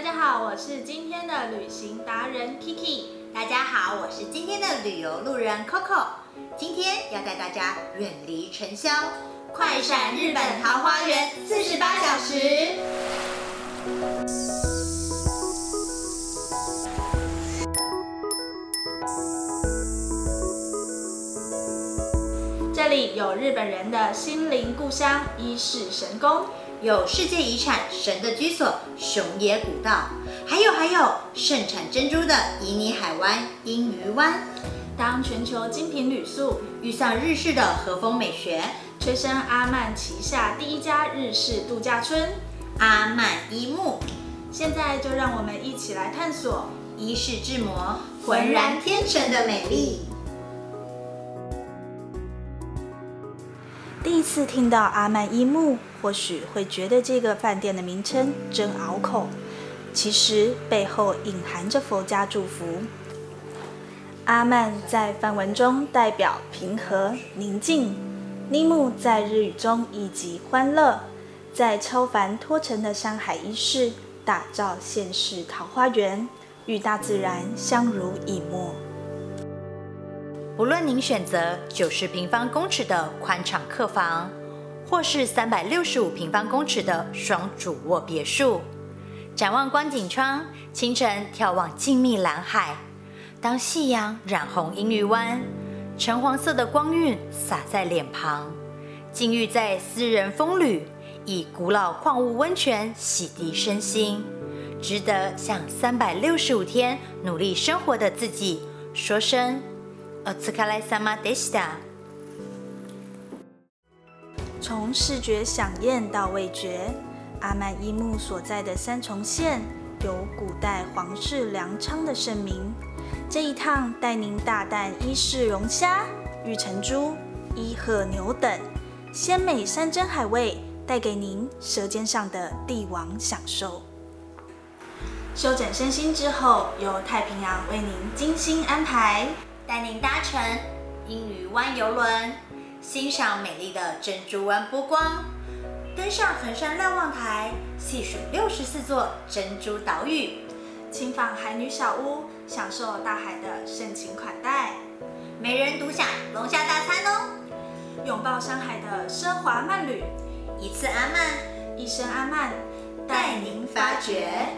大家好，我是今天的旅行達人 Kiki。大家好，我是今天的旅遊路人 Coco。今天要帶大家遠離塵囂，快閃日本桃花源四十八小時。這裡有日本人的心靈故鄉，伊勢神宮。有世界遺產“神的居所”熊野古道，還有還有盛產珍珠的旖旎海灣、英虞灣。當全球精品旅宿遇上日式的和風美學，催生阿曼旗下第一家日式度假村——阿曼伊沐。現在就讓我們一起來探索伊勢志摩渾然天成的美麗。第一次聽到阿曼伊沐，或許會覺得這個飯店的名稱真拗口。其實背後隱含着佛家祝福。阿曼在梵文中代表平和寧靜，伊沐在日語中意即歡樂。在超凡脫塵的山海一世打造現世桃花源，與大自然相濡以沫。無論您選擇九十平方公尺的寬敞客房，或是三百六十五平方公尺的雙主臥別墅，展望觀景窗，清晨眺望靜謐藍海；當夕陽染紅英虞灣，橙黃色的光暈灑在臉龐，盡浴在私人風呂，以古老礦物溫泉洗滌身心，值得向三百六十五天努力生活的自己說聲。從視覺饗宴到味覺，阿曼伊沐所在的三重縣有古代皇室糧倉的盛名。這一趟帶您大啖伊勢龍蝦、玉城豬、伊賀牛等鮮美山珍海味，帶給您舌尖上的帝王享受。修整身心之後，由太平洋為您精心安排。帶您搭乘英虞灣遊輪，欣賞美麗的珍珠灣波光；登上恆山瞭望台，細數六十四座珍珠島嶼；親訪海女小屋，享受大海的盛情款待；每人獨享龍蝦大餐哦！擁抱山海的奢華慢旅，一次阿曼，一生阿曼，帶您發掘。